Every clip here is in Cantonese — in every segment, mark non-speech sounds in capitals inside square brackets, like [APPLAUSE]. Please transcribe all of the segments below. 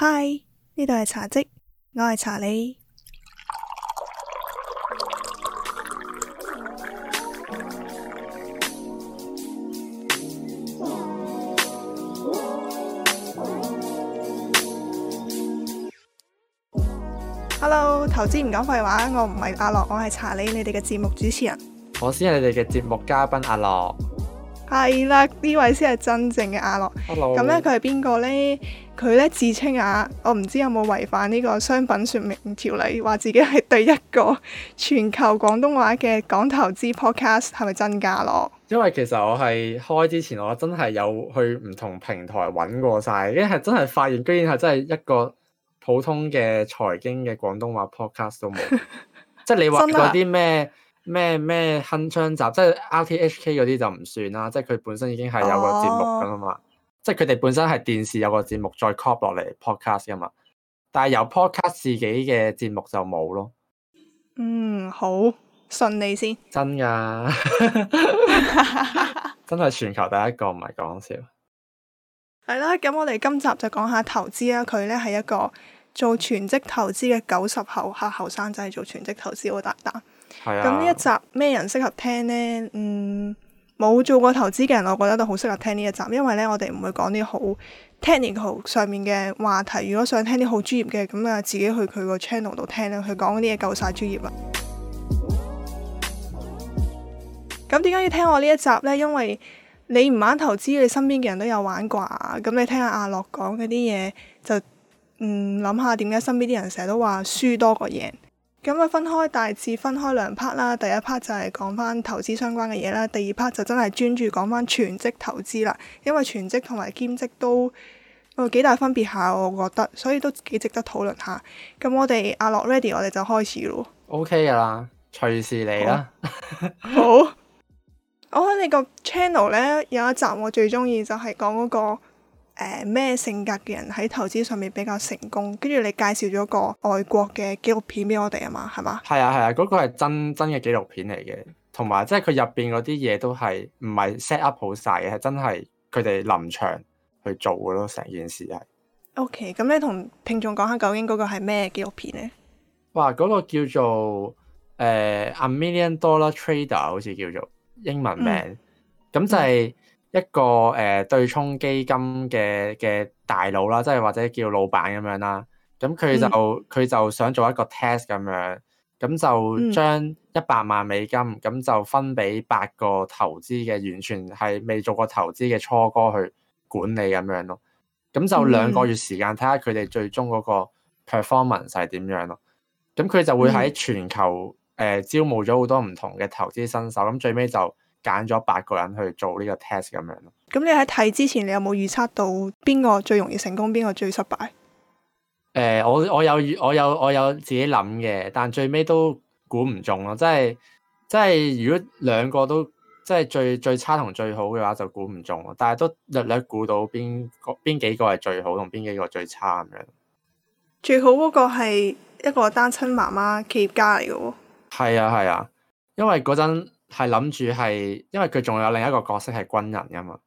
嗨，i 呢度係茶迹，我係茶理。Hello，投資唔講廢話，我唔係阿樂，我係茶理。你哋嘅節目主持人。我先係你哋嘅節目嘉賓阿樂。係啦，呢位先係真正嘅阿樂。咁咧佢係邊個咧？佢咧自稱啊，Hello. 嗯，我唔知有冇違反呢個商品説明條例，話自己係第一個全球廣東話嘅講投資 podcast，係咪真假咯？因為其實我係開之前，我真係有去唔同平台揾過晒，跟住係真係發現，居然係真係一個普通嘅財經嘅廣東話 podcast 都冇。即係 [LAUGHS] [LAUGHS] 你話嗰啲咩？的咩咩鏗鏘集，即係 RTHK 嗰啲就唔算啦，即係佢本身已經係有個節目咁啊嘛，即係佢哋本身係電視有個節目再 copy 落嚟 podcast 嘅嘛，但係由 podcast 自己嘅節目就冇咯。嗯，好，信你先。真噶，真係全球第一個唔係講笑。係啦，咁我哋今集就講下投資啦。佢咧係一個做全職投資嘅九十後客後生仔，做全職投資好大膽。咁呢一集咩人適合聽呢？嗯，冇做過投資嘅人，我覺得都好適合聽呢一集，因為呢我哋唔會講啲好 technical 上面嘅話題。如果想聽啲好專業嘅，咁啊自己去佢個 channel 度聽啦。佢講啲嘢夠晒專業啦。咁點解要聽我呢一集呢？因為你唔玩投資，你身邊嘅人都有玩啩。咁你聽下阿樂講嗰啲嘢，就嗯諗下點解身邊啲人成日都話輸多過贏。咁啊，分開大致分開兩 part 啦。第一 part 就係講翻投資相關嘅嘢啦，第二 part 就真係專注講翻全職投資啦。因為全職同埋兼職都啊幾、呃、大分別下、啊，我覺得，所以都幾值得討論下。咁我哋阿樂 ready，我哋就開始咯。OK 㗎啦，隨、okay、時嚟啦。 [LAUGHS] oh. 好，我、oh, 喺你個 channel 呢，有一集我最中意就係講嗰個。誒咩、呃、性格嘅人喺投資上面比較成功？跟住你介紹咗個外國嘅紀錄片俾我哋啊嘛，係嘛？係啊係啊，嗰、啊那個係真真嘅紀錄片嚟嘅，同埋即係佢入邊嗰啲嘢都係唔係 set up 好晒嘅，係真係佢哋臨場去做嘅咯，成件事係。OK，咁你同聽眾講下究竟嗰個係咩紀錄片咧？哇，嗰、那個叫做誒、呃、A Million Dollar Trader，好似叫做英文名，咁、嗯、就係、是。嗯一個誒、呃、對沖基金嘅嘅大佬啦，即係或者叫老闆咁樣啦，咁佢就佢、嗯、就想做一個 test 咁樣，咁就將一百萬美金咁就分俾八個投資嘅完全係未做過投資嘅初哥去管理咁樣咯，咁就兩個月時間睇下佢哋最終嗰個 performance 係點樣咯，咁佢就會喺全球誒、嗯呃、招募咗好多唔同嘅投資新手，咁最尾就揀咗八個人去做呢個 test 咁樣咯。咁你喺睇之前，你有冇預測到邊個最容易成功，邊個最失敗？誒、呃，我我有我有我有自己諗嘅，但最尾都估唔中咯。即係即係如果兩個都即係最最差同最好嘅話，就估唔中。但係都略略估到邊個邊幾個係最好同邊幾個最差咁樣。最好嗰個係一個單親媽媽企業家嚟嘅喎。係啊係啊，因為嗰陣。係諗住係，因為佢仲有另一個角色係軍人噶嘛，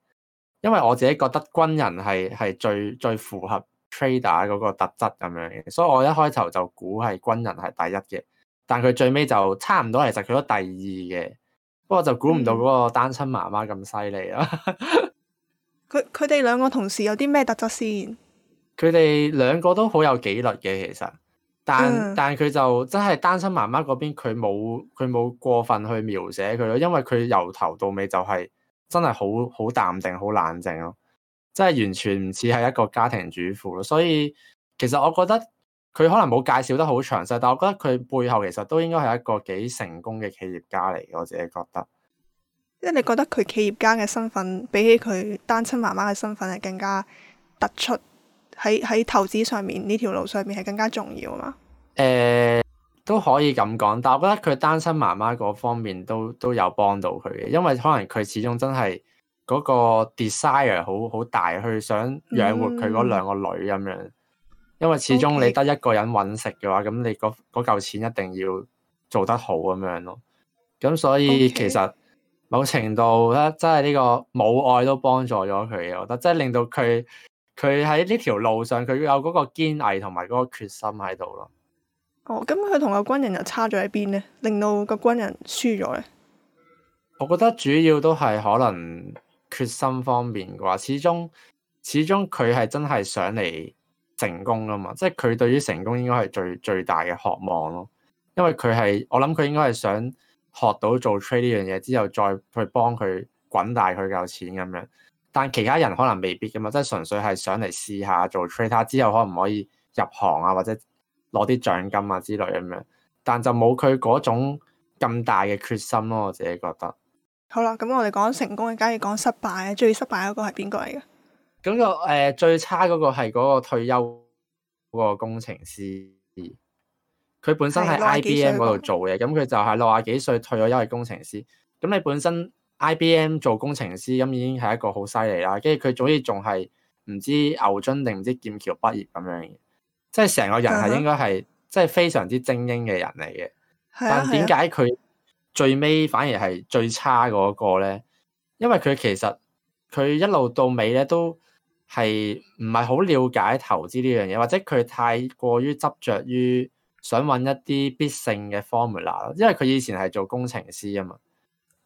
因為我自己覺得軍人係係最最符合 trader 嗰個特質咁樣嘅，所以我一開頭就估係軍人係第一嘅，但佢最尾就差唔多，其實佢都第二嘅，不過就估唔到嗰個單親媽媽咁犀利啦。佢佢哋兩個同事有啲咩特質先？佢哋 [LAUGHS] 兩,兩個都好有紀律嘅，其實。但但佢就真係單親媽媽嗰邊，佢冇佢冇過分去描寫佢咯，因為佢由頭到尾就係、是、真係好好淡定、好冷靜咯，即係完全唔似係一個家庭主婦咯。所以其實我覺得佢可能冇介紹得好詳細，但我覺得佢背後其實都應該係一個幾成功嘅企業家嚟嘅。我自己覺得，因為你覺得佢企業家嘅身份比起佢單親媽媽嘅身份係更加突出。喺喺投資上面呢條路上面係更加重要啊嘛。誒、欸、都可以咁講，但係我覺得佢單身媽媽嗰方面都都有幫到佢嘅，因為可能佢始終真係嗰個 desire 好好大，去想養活佢嗰兩個女咁樣。嗯、因為始終你得一個人揾食嘅話，咁 Okay. 你嗰嗰嚿錢一定要做得好咁樣咯。咁所以其實某程度咧，真係呢個母愛都幫助咗佢嘅，我覺得，即係令到佢。佢喺呢條路上，佢要有嗰個堅毅同埋嗰個決心喺度咯。哦，咁佢同個軍人又差咗喺邊呢？令到個軍人輸咗咧？我覺得主要都係可能決心方面啩，始終始終佢係真係想嚟成功啊嘛！即係佢對於成功應該係最最大嘅渴望咯。因為佢係我諗佢應該係想學到做 trade 呢樣嘢之後，再去幫佢滾大佢嚿錢咁樣。但其他人可能未必噶嘛，即係純粹係想嚟試下做 trader 之後可唔可以入行啊，或者攞啲獎金啊之類咁樣，但就冇佢嗰種咁大嘅決心咯。我自己覺得。好啦，咁我哋講成功嘅，梗係講失敗嘅，最失敗嗰個係邊個嚟嘅？咁個誒最差嗰個係嗰個退休嗰個工程師，佢本身喺 IBM 嗰度做嘢，咁佢就係六廿幾歲退咗休嘅工程師。咁你本身？IBM 做工程師咁已經係一個好犀利啦，跟住佢早已仲係唔知牛津定唔知劍橋畢業咁樣嘅，即係成個人係應該係的即係非常之精英嘅人嚟嘅。的但點解佢最尾反而係最差嗰個咧？因為佢其實佢一路到尾咧都係唔係好了解投資呢樣嘢，或者佢太過於執著於想搵一啲必勝嘅 formula，因為佢以前係做工程師啊嘛。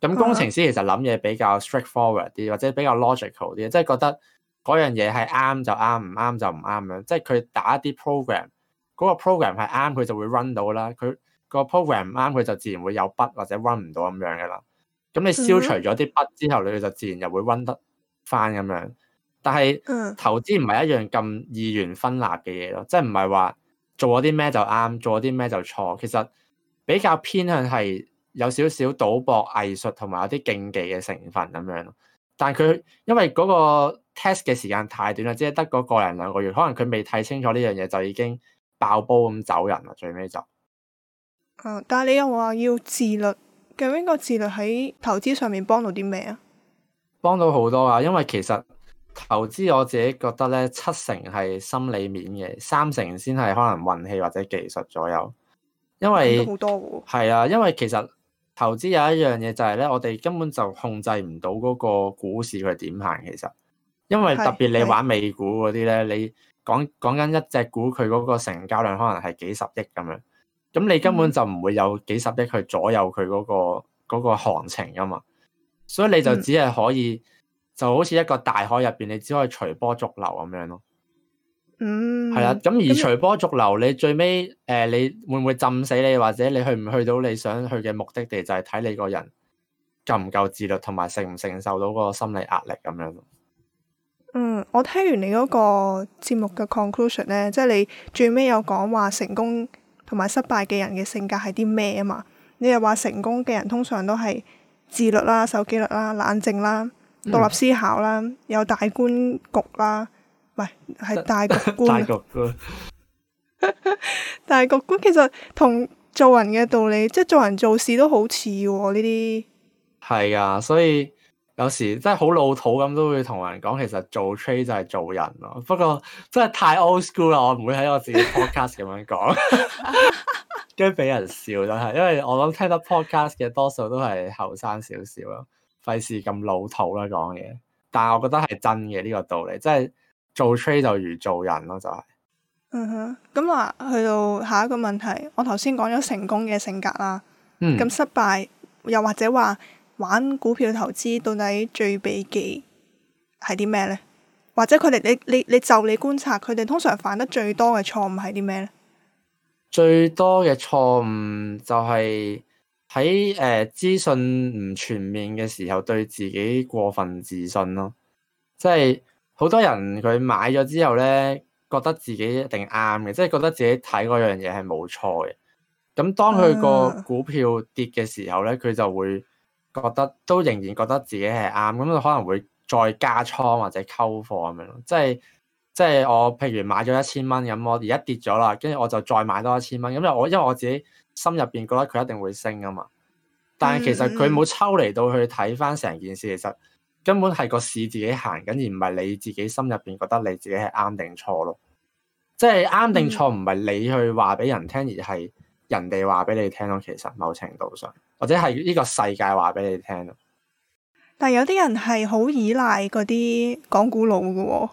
咁工程師其實諗嘢比較 straightforward 啲，或者比較 logical 啲，即係覺得嗰樣嘢係啱就啱，唔啱就唔啱咁樣。即係佢打啲 program，嗰個 program 係啱，佢就會 run 到啦。佢個 program 唔啱，佢就自然會有筆或者 run 唔到咁樣嘅啦。咁你消除咗啲筆之後，你哋就自然又會 run 得返咁樣。但係投資唔係一樣咁二元分立嘅嘢咯，即係唔係話做咗啲咩就啱，做咗啲咩就錯。其實比較偏向係。有少少賭博藝術同埋有啲競技嘅成分咁樣咯，但佢因為嗰個 test 嘅時間太短啦，只係得個個人兩個月，可能佢未睇清楚呢樣嘢就已經爆煲咁走人啦，最尾就。啊！但係你又話要自律，究竟個自律喺投資上面幫到啲咩啊？幫到好多啊！因為其實投資我自己覺得咧，七成係心理面嘅，三成先係可能運氣或者技術左右。因為好多喎。係啊，因為其實。投資有一樣嘢就係咧，我哋根本就控制唔到嗰個股市佢點行，其實，因為特別你玩美股嗰啲咧，你講講緊一隻股佢嗰個成交量可能係幾十億咁樣，咁你根本就唔會有幾十億去左右佢嗰個嗰個行情噶嘛，所以你就只係可以就好似一個大海入邊，你只可以隨波逐流咁樣咯。嗯，係啦，咁而隨波逐流，你最尾誒、呃，你會唔會浸死你，或者你去唔去到你想去嘅目的地，就係、是、睇你個人夠唔夠自律，同埋承唔承受到個心理壓力咁樣。嗯，我聽完你嗰個節目嘅 conclusion 咧，即、就、係、是、你最尾有講話成功同埋失敗嘅人嘅性格係啲咩啊嘛？你又話成功嘅人通常都係自律啦、守紀律啦、冷靜啦、獨立思考啦、嗯、有大觀局啦。唔係，係大局觀 [LAUGHS] 大局觀官， [LAUGHS] [LAUGHS] 其實同做人嘅道理，即係做人做事都好似喎呢啲。係啊，所以有時真係好老土咁，都會同人講，其實做 trade 就係做人咯。不過真係太 old school 啦，我唔會喺我自己 podcast 咁樣講，跟住俾人笑都係。因為我諗聽 pod 得 podcast 嘅多數都係後生少少咯，費事咁老土啦講嘢。但係我覺得係真嘅呢、這個道理，即係。做 trade 就如做人咯，就係，嗯哼，咁話去到下一個問題，我頭先講咗成功嘅性格啦，咁、嗯、失敗又或者話玩股票投資到底最避忌係啲咩呢？或者佢哋你你你，你就你觀察佢哋通常犯得最多嘅錯誤係啲咩呢？最多嘅錯誤就係喺誒資訊唔全面嘅時候，對自己過分自信咯，即係。好多人佢買咗之後咧，覺得自己一定啱嘅，即係覺得自己睇嗰樣嘢係冇錯嘅。咁當佢個股票跌嘅時候咧，佢就會覺得都仍然覺得自己係啱。咁佢可能會再加倉或者溝貨咁樣咯。即係即係我譬如買咗一千蚊咁，我而家跌咗啦，跟住我就再買多一千蚊。咁因為我因為我自己心入邊覺得佢一定會升啊嘛。但係其實佢冇抽離到去睇翻成件事，其實。根本係個市自己行緊，而唔係你自己心入邊覺得你自己係啱定錯咯。即係啱定錯唔係你去話俾人聽，嗯、而係人哋話俾你聽咯。其實某程度上，或者係呢個世界話俾你聽咯。但係有啲人係好依賴嗰啲講古佬噶、哦。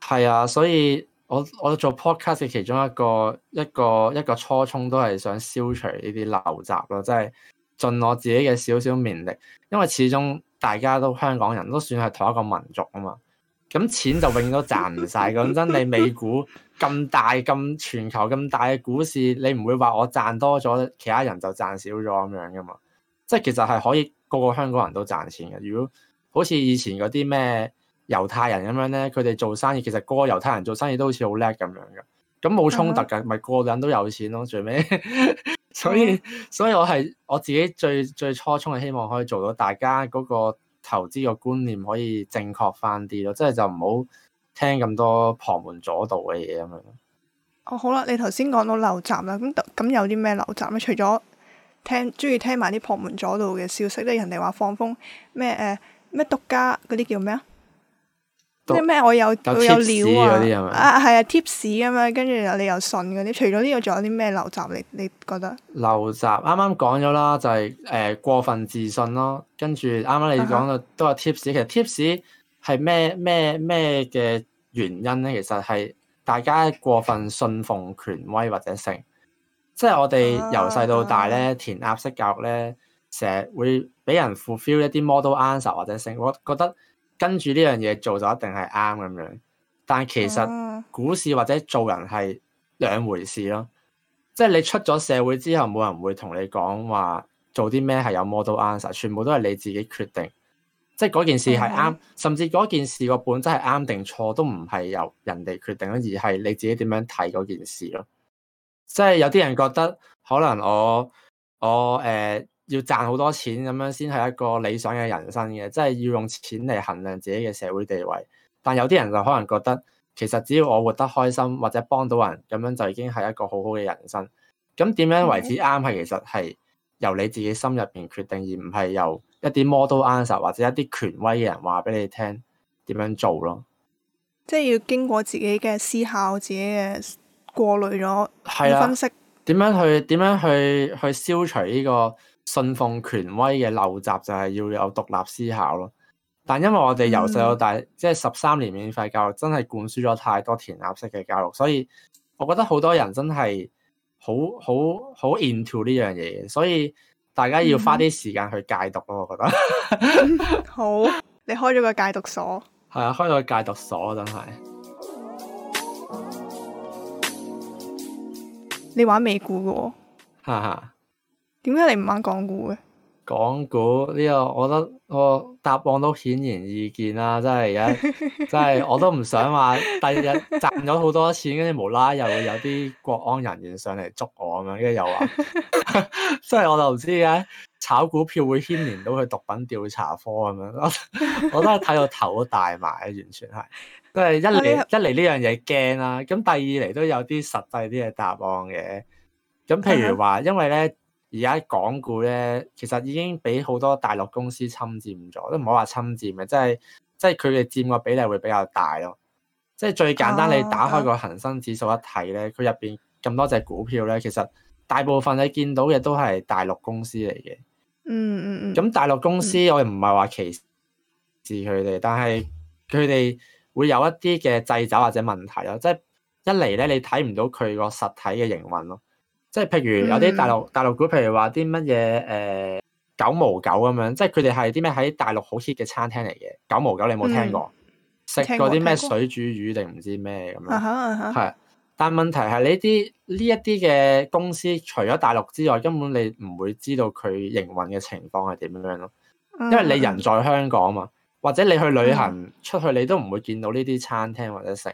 係啊，所以我我做 podcast 嘅其中一個一個一個初衷都係想消除呢啲陋習咯，即係盡我自己嘅少少綿力，因為始終。大家都香港人都算係同一個民族啊嘛，咁錢就永遠都賺唔晒。講 [LAUGHS] 真，你美股咁大咁全球咁大嘅股市，你唔會話我賺多咗，其他人就賺少咗咁樣噶嘛？即係其實係可以個個香港人都賺錢嘅。如果好似以前嗰啲咩猶太人咁樣咧，佢哋做生意其實個個猶太人做生意都好似好叻咁樣嘅，咁冇衝突嘅，咪個、uh huh. 個人都有錢咯，最尾。 [LAUGHS] [NOISE] [NOISE] 所以，所以我係我自己最最初衷係希望可以做到大家嗰個投資嘅觀念可以正確翻啲咯，即係就唔好聽咁多旁門左道嘅嘢咁樣。哦， [NOISE] 好啦，你頭先講到陋習啦，咁咁有啲咩陋習咧？除咗聽中意聽埋啲旁門左道嘅消息咧，人哋話放風咩？誒，咩、呃、獨家嗰啲叫咩啊？即啲咩我有，有 t 都有料啊！啊係啊 tips 咁樣，跟住、啊、你又信嗰啲。除咗呢個，仲有啲咩陋習？你你覺得？陋習啱啱講咗啦、就係，就係誒過分自信咯。跟住啱啱你講到都有 tips，其實 tips 係咩咩咩嘅原因咧？其實係大家過分信奉權威或者性。即係我哋由細到大咧，uh huh. 填鴨式教育咧，成日會俾人 fulfill 一啲 model answer 或者性，我覺得。跟住呢樣嘢做就一定係啱咁樣，但其實股市或者做人係兩回事咯。即係你出咗社會之後，冇人會同你講話做啲咩係有 model answer，全部都係你自己決定。即係嗰件事係啱，啊、甚至嗰件事個本質係啱定錯都唔係由人哋決定咯，而係你自己點樣睇嗰件事咯。即係有啲人覺得可能我我誒。呃要賺好多錢，咁樣先係一個理想嘅人生嘅，即係要用錢嚟衡量自己嘅社會地位。但有啲人就可能覺得，其實只要我活得開心或者幫到人咁樣就已經係一個好好嘅人生。咁點樣為之啱係？其實係由你自己心入邊決定，而唔係由一啲 model answer 或者一啲權威嘅人話俾你聽點樣做咯。即係要經過自己嘅思考，自己嘅過濾咗，分析點、啊、樣去點樣去去消除呢、這個。信奉權威嘅陋習就係要有獨立思考咯，但因為我哋由細到大，嗯、即係十三年免費教育，真係灌輸咗太多填鴨式嘅教育，所以我覺得好多人真係好好好，好 into 呢樣嘢，所以大家要花啲時間去戒毒咯，嗯、我覺得。 [LAUGHS] 好，你開咗個戒毒所？係啊， [LAUGHS] 開咗個戒毒所真係。你玩美股嘅、哦？哈哈。點解你唔玩港股嘅？港股呢個，我覺得我答案都顯然易見啦，真係而家真係我都唔想話第二日賺咗好多錢，跟住無啦啦又會有啲國安人員上嚟捉我咁樣，跟住又話，即 [LAUGHS] 係我就唔知嘅，炒股票會牽連到佢毒品調查科咁樣，我，我都係睇到頭都大埋，完全係，都係一嚟 [LAUGHS] 一嚟呢樣嘢驚啦，咁第二嚟都有啲實際啲嘅答案嘅，咁譬如話因為咧。而家港股咧，其實已經俾好多大陸公司侵佔咗，都唔好話侵佔嘅，即係即係佢哋佔個比例會比較大咯。即係最簡單，你打開個恒生指數一睇咧，佢入邊咁多隻股票咧，其實大部分你見到嘅都係大陸公司嚟嘅、嗯。嗯嗯嗯。咁大陸公司我哋唔係話歧視佢哋，嗯、但係佢哋會有一啲嘅掣肘或者問題咯。即係一嚟咧，你睇唔到佢個實體嘅營運咯。即係譬如有啲大陸大陸股，譬如話啲乜嘢誒九毛九咁樣，即係佢哋係啲咩喺大陸好 hit 嘅餐廳嚟嘅九毛九，九毛九你有冇聽過食嗰啲咩水煮魚定唔知咩咁樣？係，但問題係呢啲呢一啲嘅公司除咗大陸之外，根本你唔會知道佢營運嘅情況係點樣咯，因為你人在香港嘛，或者你去旅行、嗯、出去，你都唔會見到呢啲餐廳或者食。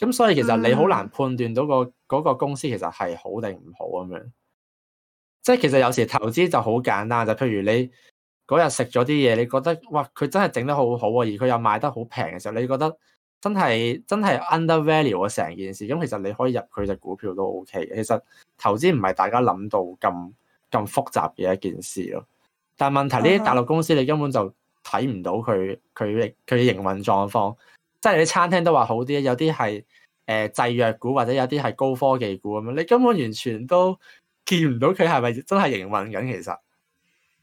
咁所以其實你好難判斷到嗰個公司其實係好定唔好咁樣，即係其實有時投資就好簡單，就譬如你嗰日食咗啲嘢，你覺得哇佢真係整得好好，而佢又賣得好平嘅時候，你覺得真係真係 undervalue 成件事。咁其實你可以入佢隻股票都 OK。其實投資唔係大家諗到咁咁複雜嘅一件事咯。但係問題呢啲大陸公司你根本就睇唔到佢佢佢嘅營運狀況。即係你啲餐廳都話好啲，有啲係誒製藥股或者有啲係高科技股咁樣，你根本完全都見唔到佢係咪真係營運緊其實。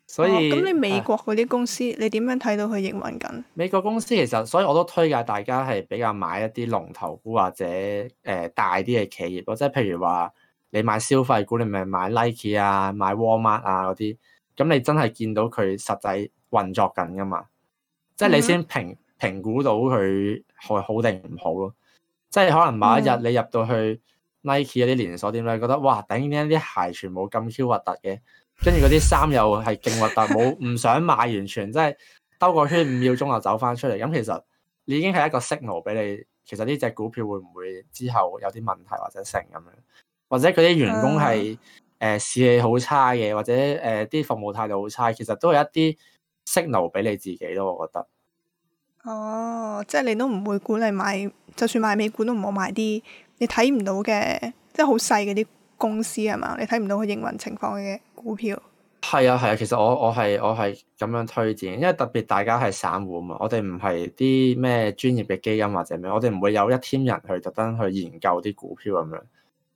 所以咁、哦、你美國嗰啲公司，哎、你點樣睇到佢營運緊？美國公司其實，所以我都推介大家係比較買一啲龍頭股或者誒、呃、大啲嘅企業咯，即係譬如話你買消費股，你咪買 Nike 啊、買 Walmart 啊嗰啲，咁你真係見到佢實際運作緊噶嘛？即係你先平。嗯評估到佢係好定唔好咯，即係可能某一日你入到去 Nike 嗰啲連鎖店咧，覺得哇頂，啲鞋全部咁 Q 核突嘅，跟住嗰啲衫又係勁核突，冇唔 [LAUGHS] 想買，完全即係兜個圈五秒鐘就走翻出嚟。咁、嗯、其實你已經係一個 signal 俾你，其實呢隻股票會唔會之後有啲問題或者成咁樣，或者佢啲員工係誒士氣好差嘅，或者誒啲服務態度好差，其實都係一啲 signal 俾你自己咯，我覺得。哦，oh, 即係你都唔會管你買，就算買美股都唔好買啲你睇唔到嘅，即係好細嘅啲公司係嘛？你睇唔到佢營運情況嘅股票。係啊係啊，其實我我係我係咁樣推薦，因為特別大家係散戶啊嘛，我哋唔係啲咩專業嘅基金或者咩，我哋唔會有一 team 人去特登去研究啲股票咁樣，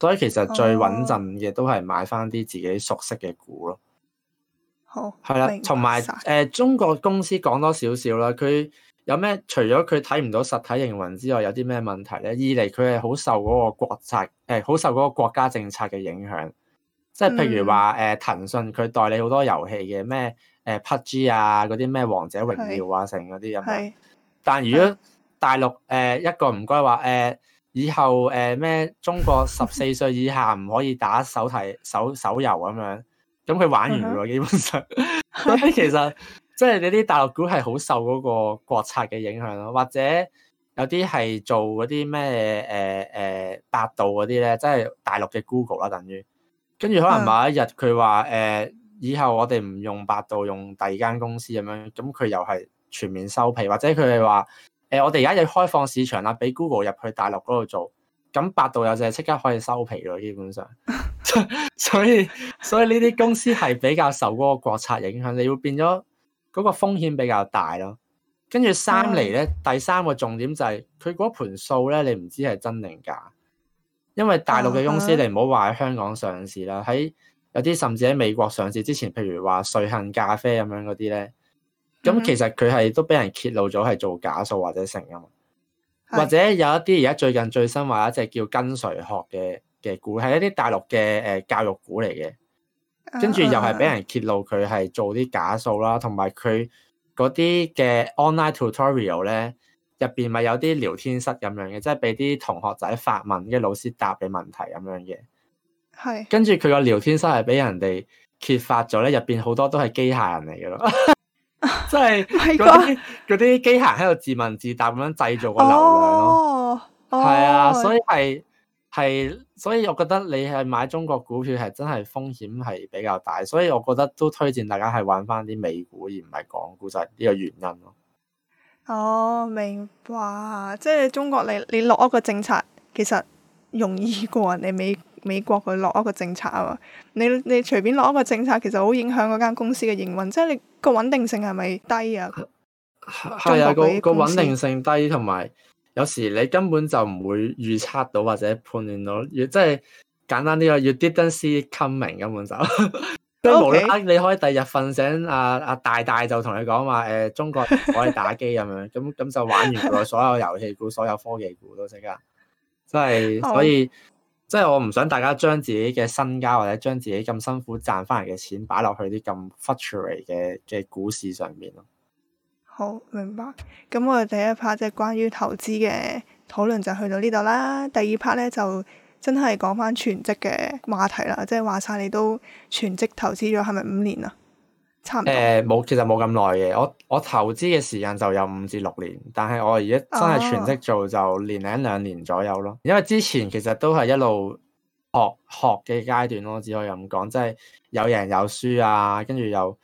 所以其實最穩陣嘅都係買翻啲自己熟悉嘅股咯。好係啦，同埋有誒，中國公司講多少少啦，佢。有咩除咗佢睇唔到實體營運之外，有啲咩問題咧？二嚟佢係好受嗰個國策，誒、欸、好受嗰個國家政策嘅影響，即係譬如話誒、欸、騰訊佢代理好多遊戲嘅咩誒 PUBG 啊，嗰啲咩王者榮耀啊，成嗰啲咁。但如果大陸誒、欸、一個唔該話誒，以後誒咩、欸、中國十四歲以下唔可以打手提 [LAUGHS] 手手遊咁樣，咁佢玩完喎，基本上。咁 [LAUGHS] 其實。即係你啲大陸股係好受嗰個國策嘅影響咯，或者有啲係做嗰啲咩誒誒百度嗰啲咧，即係大陸嘅 Google 啦，等於跟住可能某一日佢話誒，以後我哋唔用百度，用第二間公司咁樣，咁佢又係全面收皮，或者佢哋話誒，我哋而家要開放市場啦，俾 Google 入去大陸嗰度做，咁百度又就係即刻可以收皮咗，基本上， [LAUGHS] [LAUGHS] 所以所以呢啲公司係比較受嗰個國策影響，你要變咗。嗰個風險比較大咯，跟住三嚟咧，嗯、第三個重點就係佢嗰盤數咧，你唔知係真定假，因為大陸嘅公司，嗯嗯、你唔好話喺香港上市啦，喺有啲甚至喺美國上市之前，譬如話瑞幸咖啡咁樣嗰啲咧，咁其實佢係都俾人揭露咗係做假數或者成啊嘛，或者有一啲而家最近最新話一隻叫跟誰學嘅嘅股，係一啲大陸嘅誒、呃、教育股嚟嘅。跟住又係俾人揭露佢係做啲假數啦，同埋佢嗰啲嘅 online tutorial 咧，入邊咪有啲聊天室咁樣嘅，即係俾啲同學仔發問，啲老師答佢問題咁樣嘅。係是。跟住佢個聊天室係俾人哋揭發咗咧，入邊好多都係機械人嚟嘅咯，即係嗰啲嗰啲機械人喺度自問自答咁樣製造個流量咯、啊。係、哦哦、啊，所以係。係，所以我覺得你係買中國股票係真係風險係比較大，所以我覺得都推薦大家係玩翻啲美股而唔係港股就係呢個原因咯。哦，明白，哇即係中國你你落一個政策，其實容易過人哋美美國佢落一個政策啊嘛！你你隨便落一個政策，其實好影響嗰間公司嘅營運，即係你個穩定性係咪低啊？係啊，個、啊、個、啊啊啊、穩定性低同埋。有時你根本就唔會預測到或者判斷到，即係簡單啲話，要跌得 see coming 根本就都冇啦。 [LAUGHS] Okay. 無，你可以第二日瞓醒，阿、啊、阿、啊、大大就同你講話，誒、呃，中國可以打機咁 [LAUGHS] 樣，咁咁就玩完所有遊戲股、所有科技股都即係真係。Oh. 所以即係我唔想大家將自己嘅身家或者將自己咁辛苦賺翻嚟嘅錢擺落去啲咁 futile 嘅嘅股市上面咯。好明白，咁我哋第一 part 即係關於投資嘅討論就去到呢度啦。第二 part 咧，就真係講翻全職嘅話題啦，即係話晒你都全職投資咗係咪五年啊？差唔多。誒、呃，冇，其實冇咁耐嘅，我我投資嘅時間就有五至六年，但係我而家真係全職做就年零兩,兩年左右咯。啊、因為之前其實都係一路學學嘅階段咯，只可以咁講，即係有贏有輸啊，跟住又。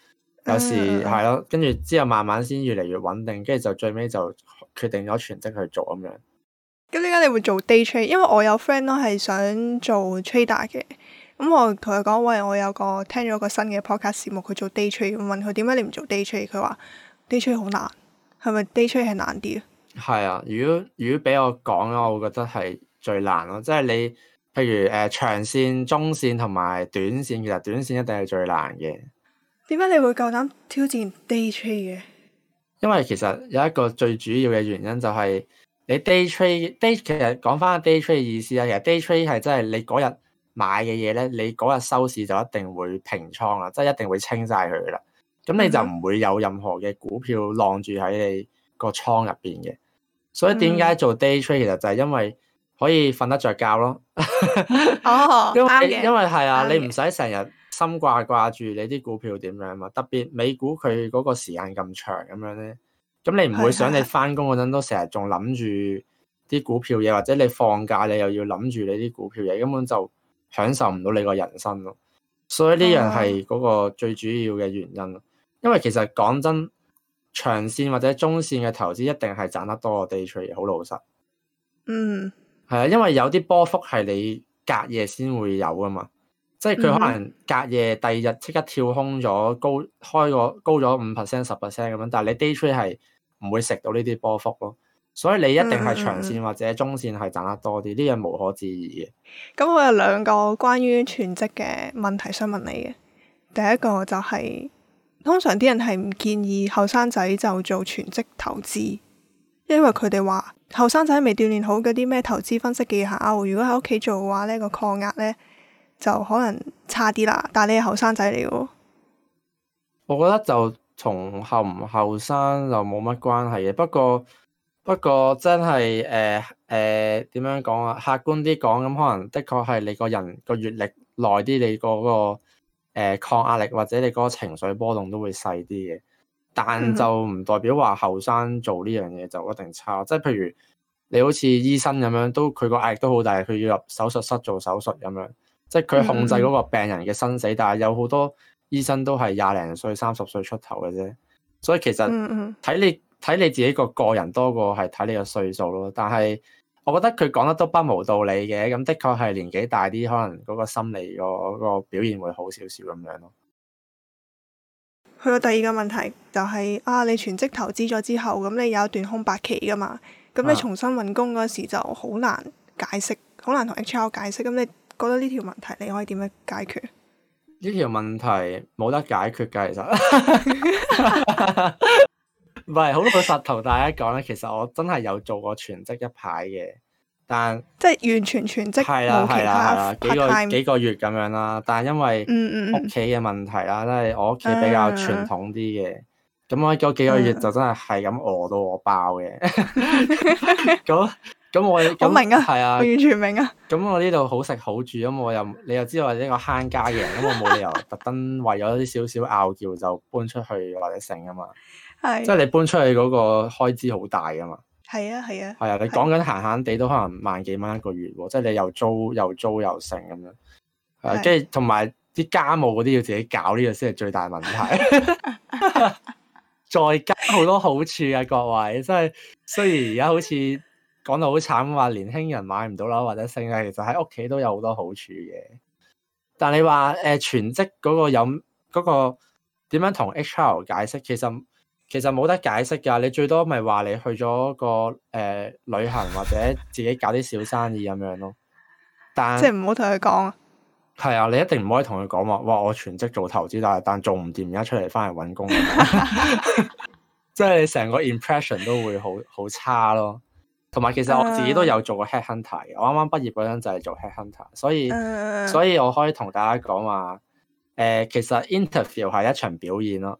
有時係咯，跟住之後慢慢先越嚟越穩定，跟住就最尾就決定咗全職去做咁樣。咁點解你會做 day trade？因爲我有 friend 都係想做 trader 嘅。咁我同佢講喂，我有個聽咗個新嘅 podcast 節目，佢做 day trade，我問佢點解你唔做 day trade？佢話 day trade 好難，係咪 day trade 係難啲啊？係啊，如果如果俾我講咧，我會覺得係最難咯。即係你譬如誒長線、中線同埋短線，其實短線一定係最難嘅。點解你會夠膽挑戰 day trade 嘅？因為其實有一個最主要嘅原因就係你 day trade day 其實講翻個 day trade 意思啊，其實 day trade 係真係你嗰日買嘅嘢咧，你嗰日收市就一定會平倉啦，即係一定會清晒佢啦。咁你就唔會有任何嘅股票晾住喺你個倉入邊嘅。所以點解做 day trade、mm hmm. 其實就係因為可以瞓得着覺咯。哦，因為係啱嘅啱嘅啊，啱嘅你唔使成日。心掛掛住你啲股票點樣嘛？特別美股佢嗰個時間咁長咁樣咧，咁你唔會想你翻工嗰陣都成日仲諗住啲股票嘢，或者你放假你又要諗住你啲股票嘢，根本就享受唔到你個人生咯。所以呢樣係嗰個最主要嘅原因。因為其實講真，長線或者中線嘅投資一定係賺得多過 day trade，好老實。嗯，係啊，因為有啲波幅係你隔夜先會有噶嘛。即係佢可能隔夜第二日即刻跳空咗高開個高咗五 percent 十 percent 咁樣，但係你 day trade 係唔會食到呢啲波幅咯，所以你一定係長線或者中線係賺得多啲，呢樣無可置疑嘅。咁、嗯嗯、我有兩個關於全職嘅問題想問你嘅，第一個就係、是、通常啲人係唔建議後生仔就做全職投資，因為佢哋話後生仔未鍛煉好嗰啲咩投資分析技巧，如果喺屋企做嘅話呢、呢個抗壓呢。就可能差啲啦，但係你係後生仔嚟喎。我覺得就從後唔後生就冇乜關係嘅。不過不過真係誒誒點樣講啊？客觀啲講咁，可能的確係你個人個閲歷耐啲，你、個嗰個、呃、抗壓力或者你嗰個情緒波動都會細啲嘅。但就唔代表話後生做呢樣嘢就一定差，mm hmm。即係譬如你好似醫生咁樣，都佢個壓力都好大，佢要入手術室做手術咁樣。即係佢控制嗰個病人嘅生死，但係有好多醫生都係廿零歲、三十歲出頭嘅啫，所以其實睇你睇你自己個個人多過係睇你個歲數咯。但係我覺得佢講得都不無道理嘅。咁的確係年紀大啲，可能嗰個心理個表現會好少少咁樣咯。去到第二個問題就係啊，你全職投資咗之後，咁你有一段空白期㗎嘛，咁你重新揾工嗰時就好難解釋，好難同 HR 解釋咁你。覺得呢條問題你可以點樣解決？呢條問題冇得解決嘅， [LAUGHS] [LAUGHS] 其實唔係。好老實同大家講咧，其實我真係有做過全職一排嘅，但即係完全全職，係啦係啦係啦，幾個幾個月咁樣啦。但係因為屋企嘅問題啦，即係、mm hmm. 我屋企比較傳統啲嘅，咁、uh huh. 我嗰幾個月就真係係咁餓到我爆嘅咁。 [LAUGHS] [LAUGHS] 咁我，我明啊，樣完全明啊。咁我呢度好食好住，咁我又，你又知道係一個慳家嘅人，咁我冇理由 [LAUGHS] 特登為咗啲少少拗撬就搬出去或者剩啊嘛。係、啊，即係你搬出去嗰個開支好大噶嘛。係啊係啊。係啊，啊啊你講緊閒閒地都可能萬幾蚊一個月，啊啊、即係你又租又租又剩咁樣，跟住同埋啲家務嗰啲要自己搞呢個先係最大問題， [LAUGHS] 再加好多好處嘅、啊、各位，即係雖然而家好似。 [LAUGHS] 講到好慘，話年輕人買唔到樓或者升嘅，其實喺屋企都有好多好處嘅。但你話誒、呃、全職嗰個有，嗰、那個點樣同 H R、L、解釋？其實其實冇得解釋噶，你最多咪話你去咗個誒、呃、旅行或者自己搞啲小生意咁樣咯。但即係唔好同佢講啊。係啊，你一定唔可以同佢講話，哇我全職做投資，但係但做唔掂，而家出嚟翻嚟揾工，即係 [LAUGHS] [LAUGHS] 你成個 impression 都會好好差咯。同埋其實我自己都有做過 head hunter，、uh, 我啱啱畢業嗰陣就係做 head hunter，所以、uh, 所以我可以同大家講話，誒、呃、其實 interview 係一場表演咯，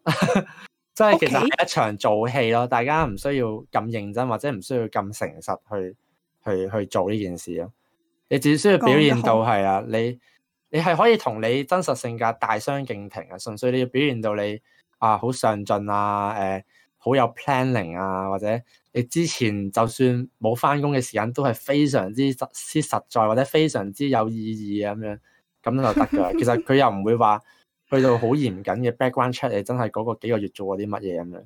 即 [LAUGHS] 係其實係一場做戲咯，Okay? 大家唔需要咁認真或者唔需要咁誠實去去去做呢件事咯，你只需要表現到係啊，你你係可以同你真實性格大相徑庭啊，純粹你要表現到你啊好上進啊，誒、啊。好有 planning 啊，或者你之前就算冇翻工嘅時間，都係非常之實之實在，或者非常之有意義啊咁樣，咁就得㗎。其實佢又唔會話去到好嚴謹嘅 background check，你真係嗰個幾個月做過啲乜嘢咁樣。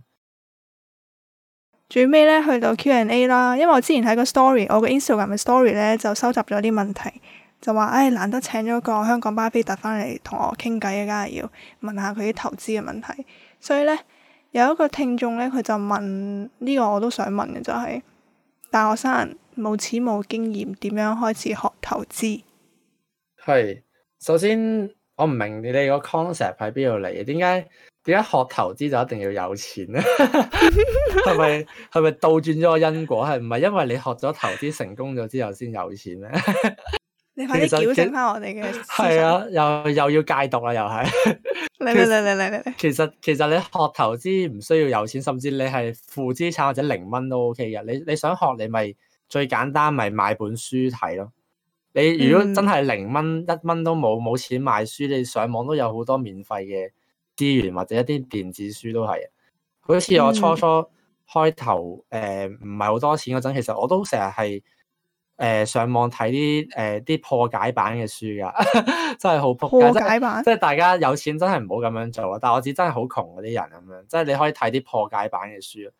最尾咧去到 Q&A 啦，因為我之前睇個 story，我個 Instagram 嘅 story 咧就收集咗啲問題，就話唉、哎，難得請咗個香港巴菲特翻嚟同我傾偈啊，梗係要問下佢啲投資嘅問題，所以咧。有一個聽眾咧，佢就問呢、呢個我都想問嘅，就係、係、大學生冇錢冇經驗，點樣開始學投資？係首先我唔明你哋個 concept 喺邊度嚟？點解點解學投資就一定要有錢咧？係咪係咪倒轉咗個因果？係唔係因為你學咗投資成功咗之後先有錢咧？ [LAUGHS] 調整返我哋嘅意思。其實，係啊，又又要戒毒啦，又係。 [LAUGHS] 其實其實你學投資唔需要有錢，甚至你係負資產或者零蚊都 OK 嘅。你你想學，你咪最簡單咪買本書睇咯。你如果真係零蚊一蚊都冇，冇錢買書，你上網都有好多免費嘅資源，或者一啲電子書都係。好似我初初開頭誒唔係好多錢嗰陣，其實我都成日係。誒、呃、上網睇啲誒啲破解版嘅書㗎， [LAUGHS] 真係好撲街！破解版？即係大家有錢真係唔好咁樣做啦。但係我知真係好窮嗰啲人咁樣，即係你可以睇啲破解版嘅書，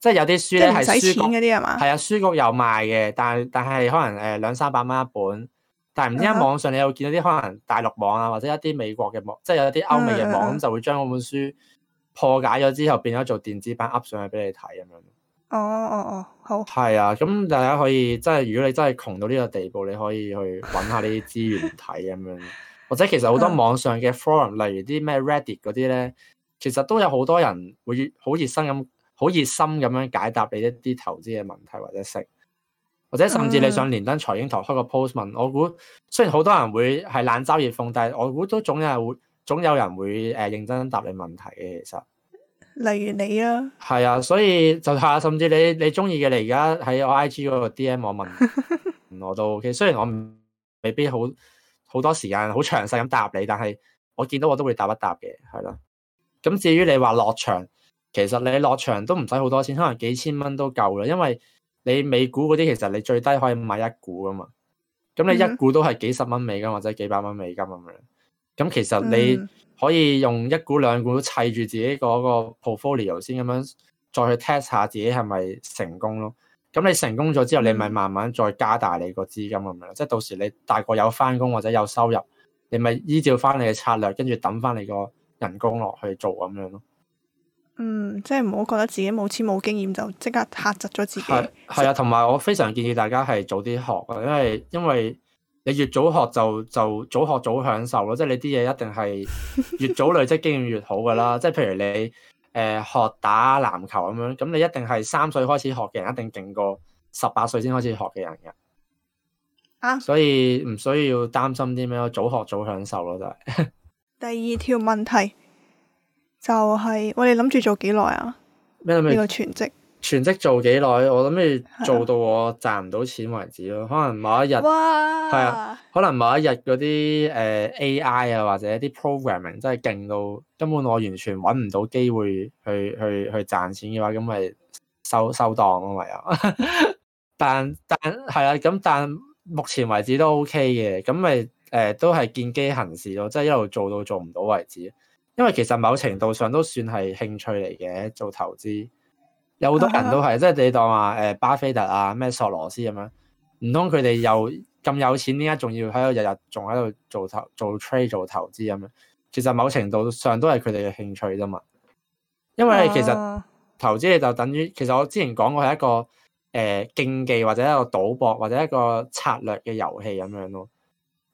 即係有啲書咧係使錢啲係嘛？係啊，書局有賣嘅嗎，但係但係可能誒兩三百蚊一本，但係唔知點解網上你又見到啲可能大陸網啊，或者一啲美國嘅網，即係有啲歐美嘅網，就會將嗰本書破解咗之後變咗做電子版 up 上去俾你睇咁樣。哦哦哦，好。係啊，咁大家可以，即係如果你真係窮到呢個地步，你可以去揾下呢啲資源睇咁樣， [LAUGHS] 或者其實好多網上嘅 forum，例如啲咩 Reddit 嗰啲咧，其實都有好多人會好熱心咁，好熱心咁樣解答你一啲投資嘅問題或者識，或者甚至你上連登財經台開個 post 問，我估雖然好多人會係冷嘲熱諷，但係我估都總有會，總有人會誒認真答你問題嘅其實。例如你啊，係啊，所以就係甚至你你中意嘅，你而家喺我 I G 嗰個 D M 我問 [LAUGHS] 我都 O K。雖然我未必好好多時間好詳細咁答你，但係我見到我都會答一答嘅，係咯、啊。咁至於你話落場，其實你落場都唔使好多錢，可能幾千蚊都夠啦。因為你美股嗰啲其實你最低可以買一股噶嘛，咁你一股都係幾十蚊美金，或者係幾百蚊美金咁樣。咁、嗯、其實你可以用一股兩股砌住自己嗰個 portfolio 先咁樣，再去 test 下自己係咪成功咯。咁你成功咗之後，嗯、你咪慢慢再加大你個資金咁樣。即、就、係、是、到時你大個有翻工或者有收入，你咪依照翻你嘅策略，跟住抌翻你個人工落去做咁、就是、樣咯。嗯，即係唔好覺得自己冇錢冇經驗就即刻嚇窒咗自己。係係啊，同埋、就是、我非常建議大家係早啲學，因為因為。你越早學就就早學早享受咯，即係你啲嘢，一定係越早累積經驗越好噶啦。即係 [LAUGHS] 譬如你誒、呃、學打籃球咁樣，咁你一定係三歲開始學嘅人一定勁過十八歲先開始學嘅人嘅。啊，所以唔需要擔心啲咩咯，早學早享受咯，就係、是。 [LAUGHS] 第二條問題就係喂，你諗住做幾耐啊？咩？呢麼個全職。全職做幾耐？我諗住做到我賺唔到錢為止咯。可能某一日係哇啊，可能某一日嗰啲誒 A.I. 啊或者啲 programming 真係勁到根本我完全搵唔到機會去去去賺錢嘅話，咁咪收收檔咯、啊，唯有、啊。 [LAUGHS] [LAUGHS] 但但係啊，咁但目前為止都 O.K. 嘅，咁咪誒都係見機行事咯，即係一路做到做唔到為止。因為其實某程度上都算係興趣嚟嘅，做投資。有好多人都係，即係你當話誒、欸、巴菲特啊咩索羅斯咁樣，唔通佢哋又咁有錢，點解仲要喺度日日仲喺度做投做 trade 做投資咁樣？其實某程度上都係佢哋嘅興趣啫嘛。因為其實投資你就等於，其實我之前講過係一個誒競、欸、技或者一個賭博或者一個策略嘅遊戲咁樣咯。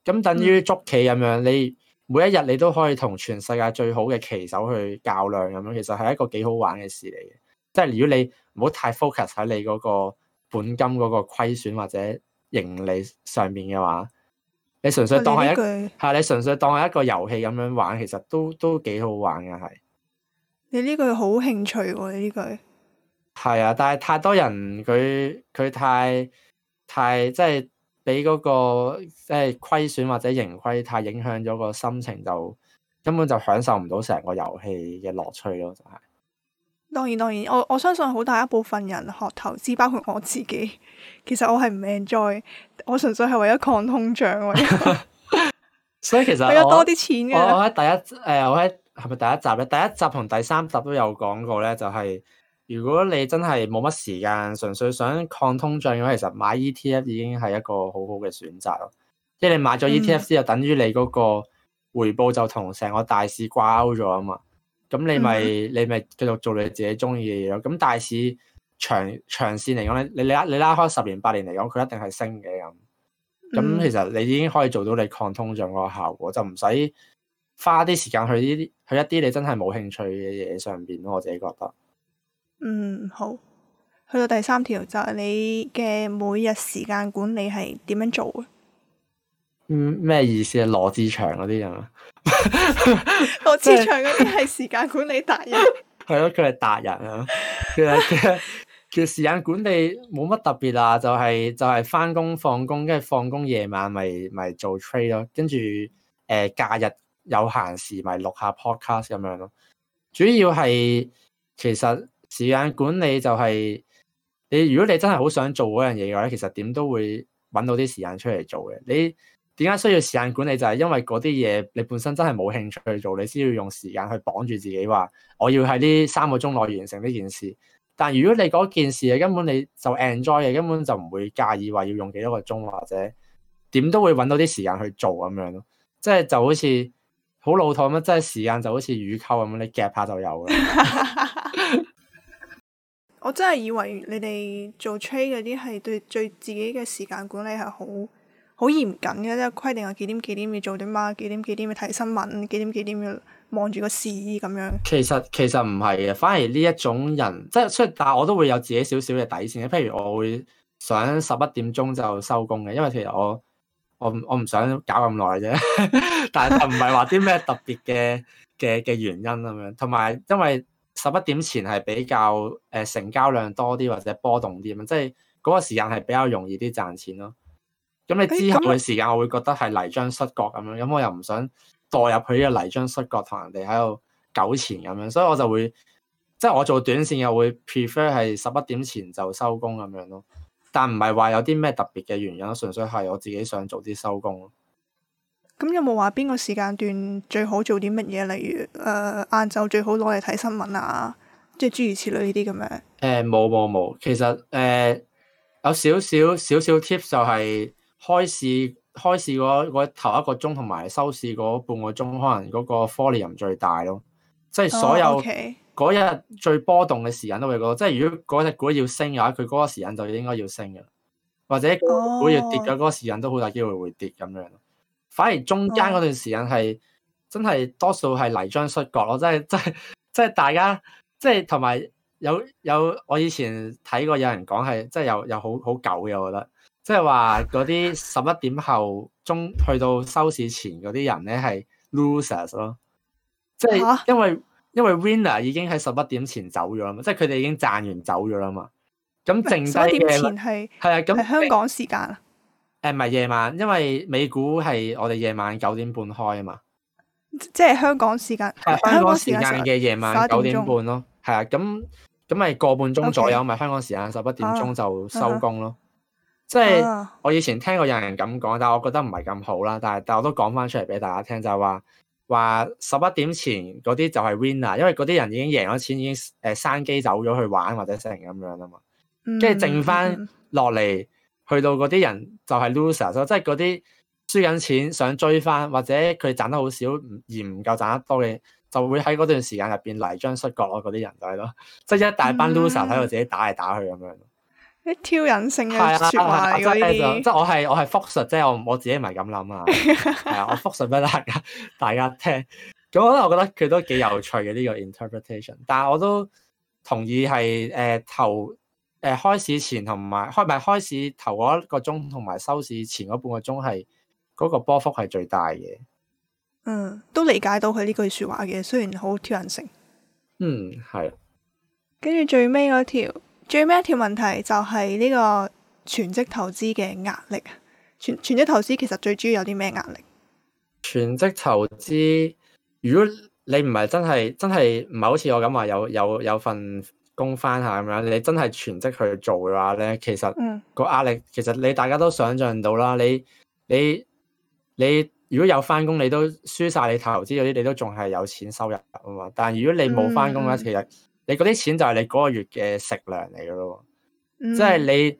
咁等於捉棋咁樣，樣嗯、你每一日你都可以同全世界最好嘅棋手去較量咁樣，其實係一個幾好玩嘅事嚟嘅。即係如果你唔好太 focus 喺你嗰個本金嗰個虧損或者盈利上面嘅話，你純粹當係一係你，你純粹當係一個遊戲咁樣玩，其實都都幾好玩嘅係。你呢句好興趣喎、啊？你呢句係啊？但係太多人佢佢太太，太即係俾嗰個即係虧損或者盈虧太影響咗、個心情就，就根本就享受唔到成個遊戲嘅樂趣咯，就係、係。當然當然，我我相信好大一部分人學投資，包括我自己。其實我係唔 enjoy，我純粹係為咗抗通脹。 [LAUGHS] 所以其實我喺第一誒、呃，我喺係咪第一集咧？第一集同第三集都有講過咧，就係、是、如果你真係冇乜時間，純粹想抗通脹嘅話，其實買 ETF 已經係一個好好嘅選擇咯。即、就、係、是、你買咗 ETF，之後等於你嗰個回報就同成個大市掛鈎咗啊嘛。咁你咪你咪繼續做你自己中意嘅嘢咯。咁大市長長線嚟講咧，你你拉你拉開十年八年嚟講，佢一定係升嘅咁。咁其實你已經可以做到你抗通脹嗰個效果，就唔使花啲時間去呢啲去一啲你真係冇興趣嘅嘢上邊咯。我自己覺得，嗯，好。去到第三條就係、是、你嘅每日時間管理係點樣做嘅？咩意思啊？羅志祥嗰啲人，羅志祥嗰啲係時間管理達人。係咯，佢係達人啊，其 [LAUGHS] 實其實時間管理冇乜特別啊，就係就係翻工放工，跟住放工夜晚咪咪做 trade 咯，跟住誒假日有閒時咪錄下 podcast 咁樣咯。主要係其實時間管理就係你如果你真係好想做嗰樣嘢嘅話，其實點都會揾到啲時間出嚟做嘅。你點解需要時間管理？就係因為嗰啲嘢你本身真係冇興趣去做，你先要用時間去綁住自己話，我要喺呢三個鐘內完成呢件事。但如果你嗰件事你根本你就 enjoy 嘅，根本就唔會介意話要用幾多個鐘，或者點都會揾到啲時間去做咁樣咯。即係就好似好老土咁，即係時間就好似乳溝咁，你夾下就有啦。 [LAUGHS] [LAUGHS] 我真係以為你哋做 trade 嗰啲係對最自己嘅時間管理係好。好嚴謹嘅，即係規定係幾點幾點要做啲乜，幾點幾點要睇新聞，幾點幾點要望住個市咁樣。其實其實唔係嘅，反而呢一種人，即係雖然，但係我都會有自己少少嘅底線嘅。譬如我會想十一點鐘就收工嘅，因為其實我我我唔想搞咁耐啫。 [LAUGHS] 但係唔係話啲咩特別嘅嘅嘅原因咁樣。同埋因為十一點前係比較誒成交量多啲或者波動啲啊，即係嗰個時間係比較容易啲賺錢咯。咁你之後嘅時間，我會覺得係泥漿失覺咁樣，咁、哎、我又唔想墮入去呢個泥漿失覺同人哋喺度糾纏咁樣，所以我就會即係我做短線又會 prefer 係十一點前就收工咁樣咯。但唔係話有啲咩特別嘅原因，純粹係我自己想早啲收工咯。咁、嗯嗯、有冇話邊個時間段最好做啲乜嘢？例如誒晏晝最好攞嚟睇新聞啊，即係諸如此類呢啲咁樣。誒冇冇冇，其實誒有少少少少 tips 就係、是。開市開市嗰頭一個鐘同埋收市嗰半個鐘，可能嗰個 volume 最大咯。即係所有嗰日最波動嘅時間都會過。即係如果嗰隻股要升嘅話，佢嗰個時間就應該要升嘅。或者股要跌嘅嗰、嗰個時間都好大機會會跌咁樣。反而中間嗰段時間係、oh, okay. 真係多數係泥漿摔角咯。即係即係即係大家即係同埋有有，有我以前睇過有人講係即係又又好好久嘅，我覺得。即係話嗰啲十一點後中去到收市前嗰啲人咧係 losers 咯，即係因為、啊、因為 winner 已經喺十一點前走咗啦嘛，即係佢哋已經賺完走咗啦嘛，咁剩低嘅係係啊，咁係香港時間啊，誒唔係夜晚，因為美股係我哋夜晚九點半開啊嘛，即係香港時間、啊，香港時間嘅夜晚九點半咯，係啊，咁咁咪個半鐘左右咪香港時間十、啊、一 Okay. 一點鐘就收工咯。啊啊即係我以前聽過有人咁講，但我覺得唔係咁好啦。但係但係我都講翻出嚟俾大家聽，就係話話十一點前嗰啲就係 winner，因為嗰啲人已經贏咗錢，已經誒、呃、閂機走咗去玩或者成咁樣啊嘛。跟住剩翻落嚟去到嗰啲人就係 loser，即係嗰啲輸緊錢想追翻，或者佢、er, 嗯、賺得好少而唔夠賺得多嘅，就會喺嗰段時間入邊泥漿摔角咯。嗰啲人就係咯，即係一大班 loser 睇到自己打嚟打去咁樣。嗯挑釁性嘅說話，即係我係我係復述，即係我我、就是、我，我自己唔係咁諗啊。係 [LAUGHS] 啊，我復述俾大家大家聽。咁，我咧，我覺得佢都幾有趣嘅呢、這個 interpretation。但係我都同意係誒頭誒開市前同埋開唔係開市頭嗰一個鐘，同埋收市前嗰半個鐘係嗰個波幅係最大嘅。嗯，都理解到佢呢句說話嘅，雖然好挑釁性。嗯，係、啊。跟住最尾嗰條。最尾一條問題就係、是、呢個全職投資嘅壓力啊！全全職投資其實最主要有啲咩壓力？全職投資如果你唔係真係真係唔係好似我咁話有有有份工翻下咁樣，你真係全職去做嘅話咧，其實個壓力、嗯、其實你大家都想象到啦。你你你如果有翻工，你都輸晒你投資嗰啲，你都仲係有錢收入㗎嘛。但係如果你冇翻工咧，嗯嗯其實你嗰啲錢就係你嗰個月嘅食糧嚟嘅咯，嗯、即係你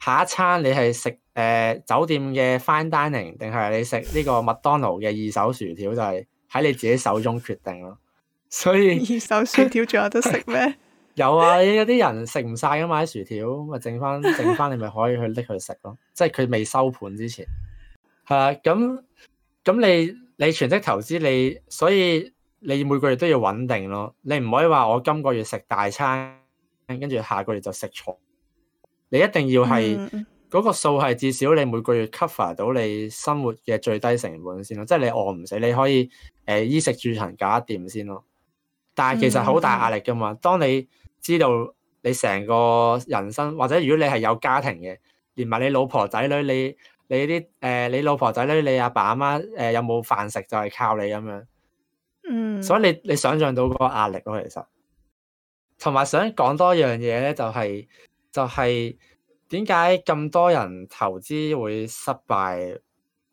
下一餐你係食誒酒店嘅 fine dining，定係你食呢個麥當勞嘅二手薯條，就係喺你自己手中決定咯。所以二手薯條仲有得食咩、 [LAUGHS] 啊？有啊，有啲人食唔晒啊嘛啲薯條，咪剩翻剩翻，你咪可以去拎去食咯。 [LAUGHS] 即係佢未收盤之前，係啊。咁咁你你全職投資你所以。你每個月都要穩定咯，你唔可以話我今個月食大餐，跟住下個月就食草。你一定要係嗰、嗯、個數係至少你每個月 cover 到你生活嘅最低成本先咯，即係你餓唔死，你可以誒衣、呃、食住行搞掂先咯。但係其實好大壓力噶嘛。嗯、當你知道你成個人生，或者如果你係有家庭嘅，連埋你老婆仔女，你你啲誒、呃、你老婆仔女你阿爸阿媽誒、呃、有冇飯食就係靠你咁樣。嗯，所以你你想象到嗰個壓力咯，啊，其實，同埋想講多樣嘢咧，就係就係點解咁多人投資會失敗？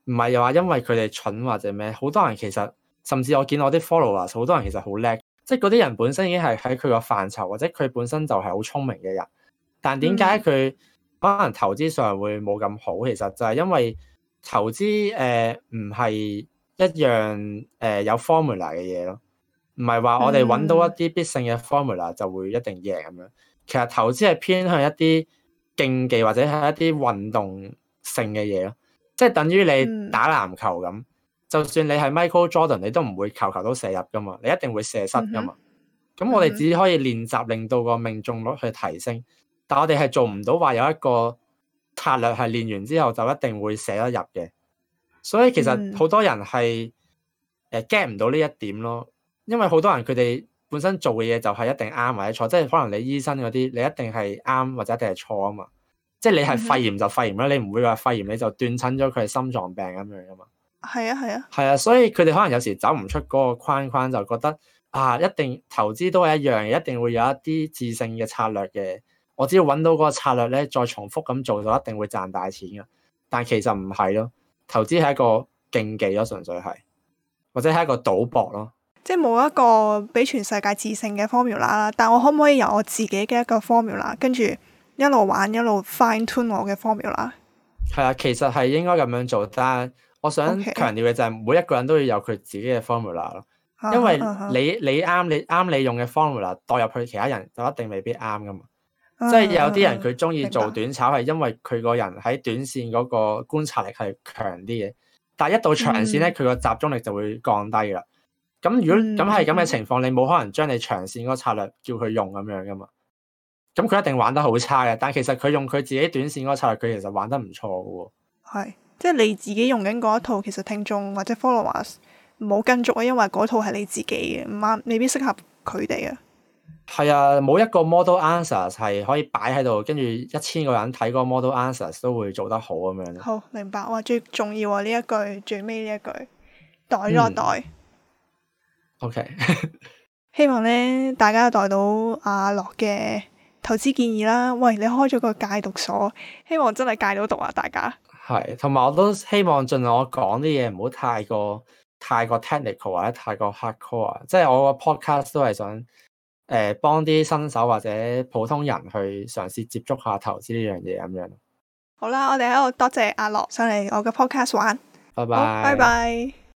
唔係又話因為佢哋蠢或者咩？好多人其實，甚至我見我啲 followers，好多人其實好叻，即係嗰啲人本身已經係喺佢個範疇，或者佢本身就係好聰明嘅人，但點解佢可能投資上會冇咁好？其實就係因為投資誒唔係。呃一樣誒、呃、有 formula 嘅嘢咯，唔係話我哋揾到一啲必勝嘅 formula 就會一定贏咁樣。其實投資係偏向一啲競技或者係一啲運動性嘅嘢咯，即係等於你打籃球咁，嗯、就算你係 Michael Jordan，你都唔會球球都射入噶嘛，你一定會射失噶嘛。咁、嗯、哼我哋只可以練習令到個命中率去提升，但我哋係做唔到話有一個策略係練完之後就一定會射得入嘅。所以其實好多人係誒 get 唔到呢一點咯，因為好多人佢哋本身做嘅嘢就係一定啱或者錯，即係可能你醫生嗰啲，你一定係啱或者一定係錯啊嘛。即係你係肺炎就肺炎啦，你唔會話肺炎你就斷診咗佢係心臟病咁、啊、樣噶嘛。係啊，係啊，係啊，所以佢哋可能有時走唔出嗰個框框，就覺得啊，一定投資都係一樣，一定會有一啲致勝嘅策略嘅。我只要搵到嗰個策略咧，再重複咁做就一定會賺大錢噶。但其實唔係咯。投資係一個競技咯，純粹係，或者係一個賭博咯。即係冇一個俾全世界致勝嘅 formula 啦，但我可唔可以有我自己嘅一個 formula 跟住一路玩一路 fine tune 我嘅 formula？係啊，其實係應該咁樣做，但我想強調嘅就係每一個人都要有佢自己嘅 formula 咯，因為你你啱你啱你用嘅 formula 代入去其他人就一定未必啱㗎嘛。即係有啲人佢中意做短炒明白，係因為佢個人喺短綫嗰個觀察力係強啲嘅。但係一到長綫咧，佢個集中力就會降低啦。咁、嗯嗯、如果咁係咁嘅情況，你冇可能將你長綫嗰個策略叫佢用咁樣噶嘛？咁佢一定玩得好差嘅。但其實佢用佢自己短綫嗰個策略，佢其實玩得唔錯噶喎。係，即係你自己用緊嗰一套，其實聽眾或者 followers 唔好跟足啊，因為嗰套係你自己嘅，唔啱，未必適合佢哋啊。係啊，冇一個 model answers 係可以擺喺度，跟住一千個人睇嗰個 model answers 都會做得好咁樣好明白，喂，最重要啊，呢一句最尾呢一句，袋咯袋。嗯、o、okay. K， [LAUGHS] 希望咧大家代到阿樂嘅投資建議啦。喂，你開咗個戒毒所，希望真係戒到毒啊！大家係，同埋我都希望盡量我講啲嘢唔好太過太過 technical 或者太過 hard core，即係我個 podcast 都係想。誒幫啲新手或者普通人去嘗試接觸下投資呢樣嘢咁樣。好啦，我哋喺度多謝阿樂上嚟我嘅 podcast 玩。拜拜。拜拜。拜拜。